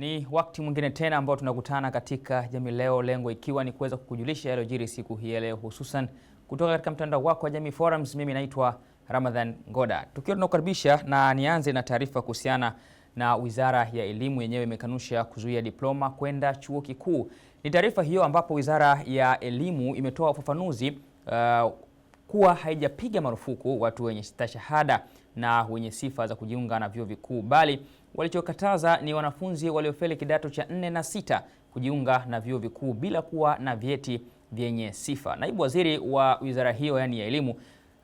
Ni wakati mwingine tena ambao tunakutana katika Jamii Leo, lengo ikiwa ni kuweza kukujulisha yaliyojiri siku hii ya leo, hususan kutoka katika mtandao wako wa Jamii Forums. Mimi naitwa Ramadhan Ngoda, tukiwa tunakukaribisha na nianze na taarifa kuhusiana na Wizara ya Elimu yenyewe imekanusha kuzuia diploma kwenda chuo kikuu. Ni taarifa hiyo ambapo Wizara ya Elimu imetoa ufafanuzi uh, kuwa haijapiga marufuku watu wenye stashahada na wenye sifa za kujiunga na vyuo vikuu, bali walichokataza ni wanafunzi waliofeli kidato cha nne na sita kujiunga na vyuo vikuu bila kuwa na vyeti vyenye sifa. Naibu waziri wa wizara hiyo, yaani ya elimu,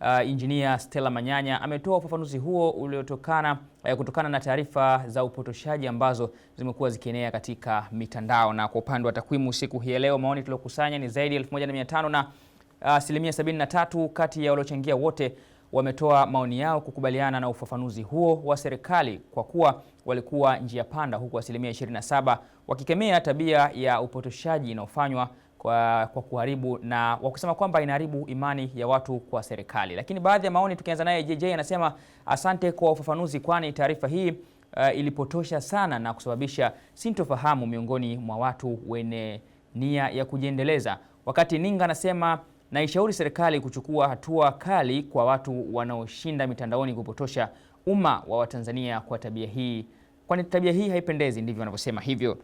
uh, Injinia Stella Manyanya ametoa ufafanuzi huo uliotokana uh, kutokana na taarifa za upotoshaji ambazo zimekuwa zikienea katika mitandao. Na kwa upande wa takwimu siku hii ya leo, maoni tuliokusanya ni zaidi ya 1500 na Uh, asilimia 73 kati ya waliochangia wote wametoa maoni yao kukubaliana na ufafanuzi huo wa serikali kwa kuwa walikuwa njia panda, huku asilimia 27 wakikemea tabia ya upotoshaji inayofanywa kwa, kwa kuharibu na wakusema kwamba inaharibu imani ya watu kwa serikali. Lakini baadhi ya maoni tukianza naye JJ anasema asante kwa ufafanuzi, kwani taarifa hii uh, ilipotosha sana na kusababisha sintofahamu miongoni mwa watu wenye nia ya kujiendeleza. Wakati Ninga anasema naishauri serikali kuchukua hatua kali kwa watu wanaoshinda mitandaoni kupotosha umma wa Watanzania kwa tabia hii, kwani tabia hii haipendezi, ndivyo wanavyosema hivyo.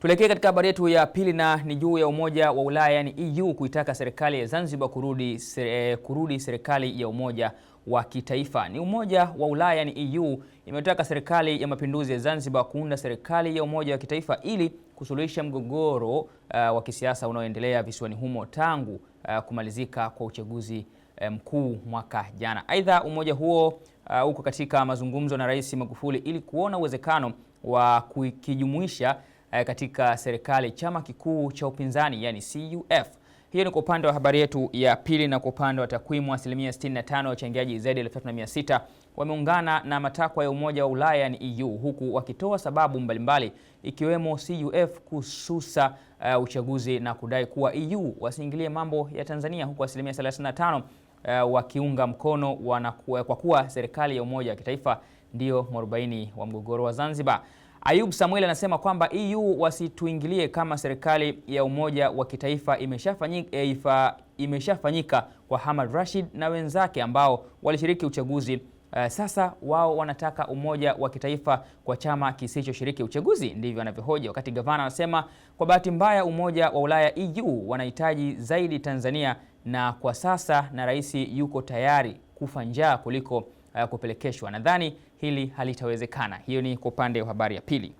Tuelekee katika habari yetu ya pili na ni juu ya Umoja wa Ulaya yani EU kuitaka serikali ya Zanzibar kurudi, sere, eh, kurudi serikali ya umoja wa kitaifa. Ni Umoja wa Ulaya yani EU imetaka serikali ya mapinduzi ya Zanzibar kuunda serikali ya umoja wa kitaifa ili kusuluhisha mgogoro uh, wa kisiasa unaoendelea visiwani humo tangu uh, kumalizika kwa uchaguzi mkuu um, mwaka jana. Aidha, umoja huo uko katika mazungumzo na Rais Magufuli ili kuona uwezekano wa kukijumuisha Eh, katika serikali chama kikuu cha upinzani yani CUF. Hiyo ni kwa upande wa habari yetu ya pili, na kwa upande wa takwimu, asilimia 65 ya wachangiaji zaidi ya 3600 wameungana na matakwa ya Umoja wa Ulaya yani EU, huku wakitoa sababu mbalimbali ikiwemo CUF kususa uh, uchaguzi na kudai kuwa EU wasiingilie mambo ya Tanzania, huku asilimia 35 uh, eh, wakiunga mkono wanakuwa, kwa kuwa serikali ya umoja wa kitaifa ndiyo mwarobaini wa mgogoro wa Zanzibar. Ayub Samuel anasema kwamba EU wasituingilie kama serikali ya umoja wa kitaifa imeshafanyika, eh, imeshafanyika kwa Hamad Rashid na wenzake ambao walishiriki uchaguzi. Eh, sasa wao wanataka umoja wa kitaifa kwa chama kisichoshiriki uchaguzi, ndivyo anavyohoja. Wakati gavana anasema kwa bahati mbaya umoja wa Ulaya EU wanahitaji zaidi Tanzania, na kwa sasa na rais yuko tayari kufa njaa kuliko uh, kupelekeshwa. Nadhani hili halitawezekana. Hiyo ni kwa upande wa habari ya pili.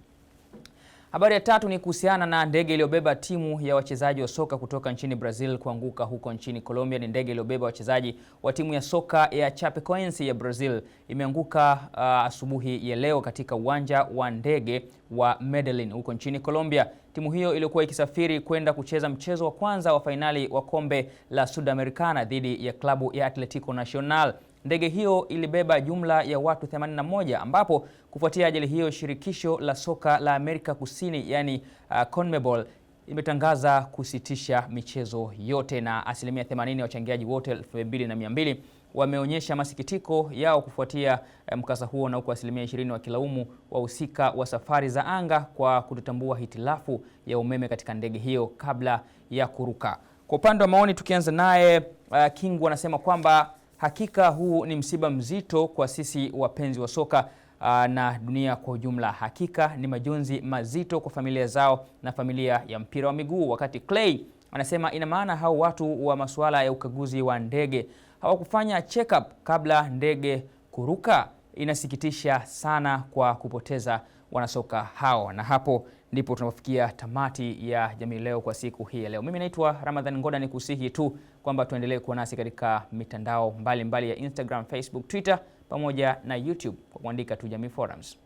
Habari ya tatu ni kuhusiana na ndege iliyobeba timu ya wachezaji wa soka kutoka nchini Brazil kuanguka huko nchini Colombia. Ni ndege iliyobeba wachezaji wa timu ya soka ya Chapecoense ya Brazil imeanguka ah, asubuhi ya leo katika uwanja wa ndege wa Medellin huko nchini Colombia. Timu hiyo iliyokuwa ikisafiri kwenda kucheza mchezo wa kwanza wa fainali wa kombe la Sudamericana dhidi ya klabu ya Atletico Nacional Ndege hiyo ilibeba jumla ya watu 81 ambapo kufuatia ajali hiyo shirikisho la soka la Amerika Kusini yani uh, CONMEBOL imetangaza kusitisha michezo yote na asilimia 80 ya wachangiaji wote 2200 wameonyesha masikitiko yao kufuatia eh, mkasa huo, na huku asilimia 20 wakilaumu wahusika wa safari za anga kwa kutotambua hitilafu ya umeme katika ndege hiyo kabla ya kuruka. Kwa upande wa maoni, tukianza naye uh, Kingu anasema kwamba Hakika huu ni msiba mzito kwa sisi wapenzi wa soka na dunia kwa ujumla. Hakika ni majonzi mazito kwa familia zao na familia ya mpira wa miguu. Wakati Clay anasema ina maana hao watu wa masuala ya ukaguzi wa ndege hawakufanya check up kabla ndege kuruka. Inasikitisha sana kwa kupoteza wanasoka hao, na hapo ndipo tunapofikia tamati ya Jamii Leo kwa siku hii ya leo. Mimi naitwa Ramadhan Ngoda, ni kusihi tu kwamba tuendelee kuwa nasi katika mitandao mbalimbali mbali ya Instagram, Facebook, Twitter pamoja na YouTube kwa kuandika tu Jamii Forums.